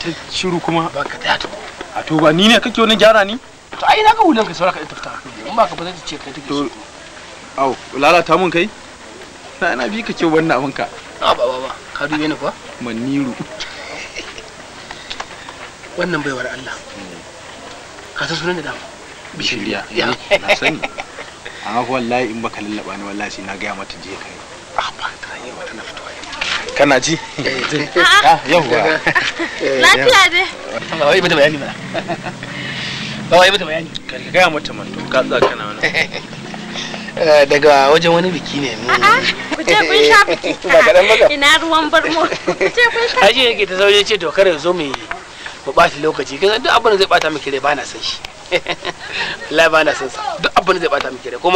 ta shiru kuma ba ka tsaya a to ba ni ne kake wani gyara ni to ai na ga hulan ka sauraka ta fita in ba ka ba zai ce kai take to au lalata mun kai na ina bi ka ce wannan abin ka a ba ba ba ka dube ni kuwa maniru wannan baiwar Allah ka san sunan da dama bishiriya eh, ya na sani amma wallahi in baka lallaba ni wallahi sai na ga mata je kai a ah, ba ta yi mata na fitowa kana ji eh, ah, yawwa eh, lafiya dai ba wai mata bayani ba ba wai mata ka gaya mata man to ka eh, daga wajen wani biki ne mu ce kun sha biki ba kadan ba ina ruwan ce kun sha ce ba lokaci duk abin da zai miki rai ba na san shi ba na san sa duk abin da zai miki ko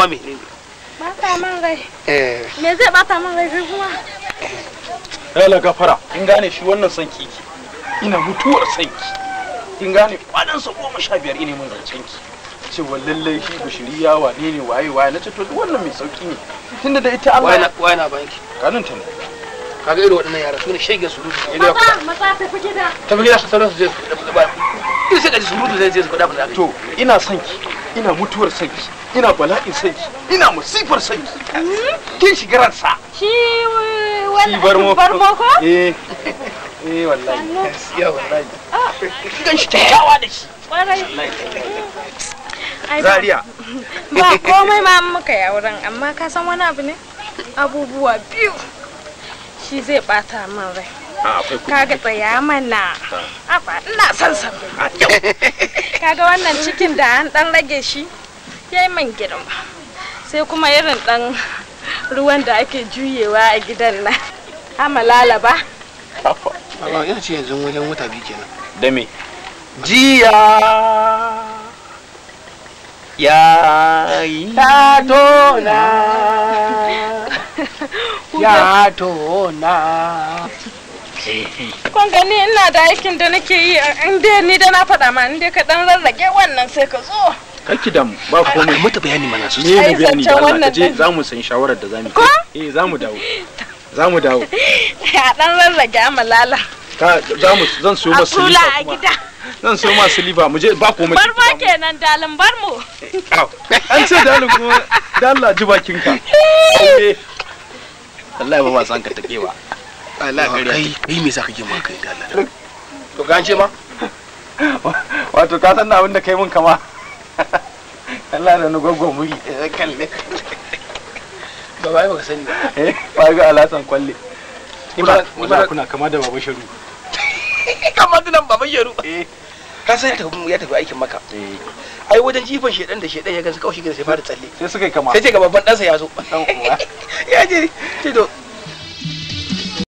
Lala gafara. In gane shi wannan son kiki. Ina mutuwar son ki. In gane sa goma sha biyar ina mun zancen ki. wa lallai shi bishiri ya wane ne waye waye na ce to wannan mai sauki ne. Tunda da ita Allah. Waye waye na banki. Kanun ta ne. Kaga irin waɗannan yara su ne shege su rufe. Maza maza ta fi gida. Ta fi gida su sauran su je su da ba. Ina sai ka ji su rufe zai je su fada ba za To ina son ki. Ina mutuwar son ki. ina bala'in sai ina musifar sai kin shiga ransa shi wannan barmo ko eh eh wallahi ya wallahi ah. kin shi kyakkyawa da shi Zaria ba komai ma muka ya wurin amma ka san wani abu ne abubuwa biyu shi zai bata min rai ah, kaga tsaya mana ah. ina son sa kaga wannan cikin da an dan rage shi ya yi man ba sai kuma irin dan ruwan da ake juyewa a gidan nan amalala ba Baba ina ce yanzu wajen wuta biyu kenan. Da me? Jiya ya yi ta tona ya tona. Eh. Kun gani ina da aikin da nake yi in dai ni da na faɗa ma in dai ka ɗan rarrage wannan sai ka zo. kaki mu ba komai mata bayani mana su sai bayani da Allah kaje za mu san shawarar da zamu eh za mu dawo za mu dawo a dan rarrage malala ka za mu zan so masu liba a gida zan siyo masu liba mu je ba komai bar ba kenan dalin bar mu an ce dalin kuma dalla ji bakin ka eh. wallahi ba ba san ka takewa ba Allah kai kai me zaka kake ma kai dalla to gance ma wato ka san abin da kai mun kama Allah da gwaggon muri da eh, kalle ba bai baka sani ba eh ba ga alasan kwalle kuna kuna kama da baban sharu kama da nan baban sharu eh ka san ya tafi aikin maka eh. ai wajen jifan shedan da shedan ya gansu kawai shi sai fara tsalle sai suka yi kama sai ce ga babban dansa ya zo ya je ce to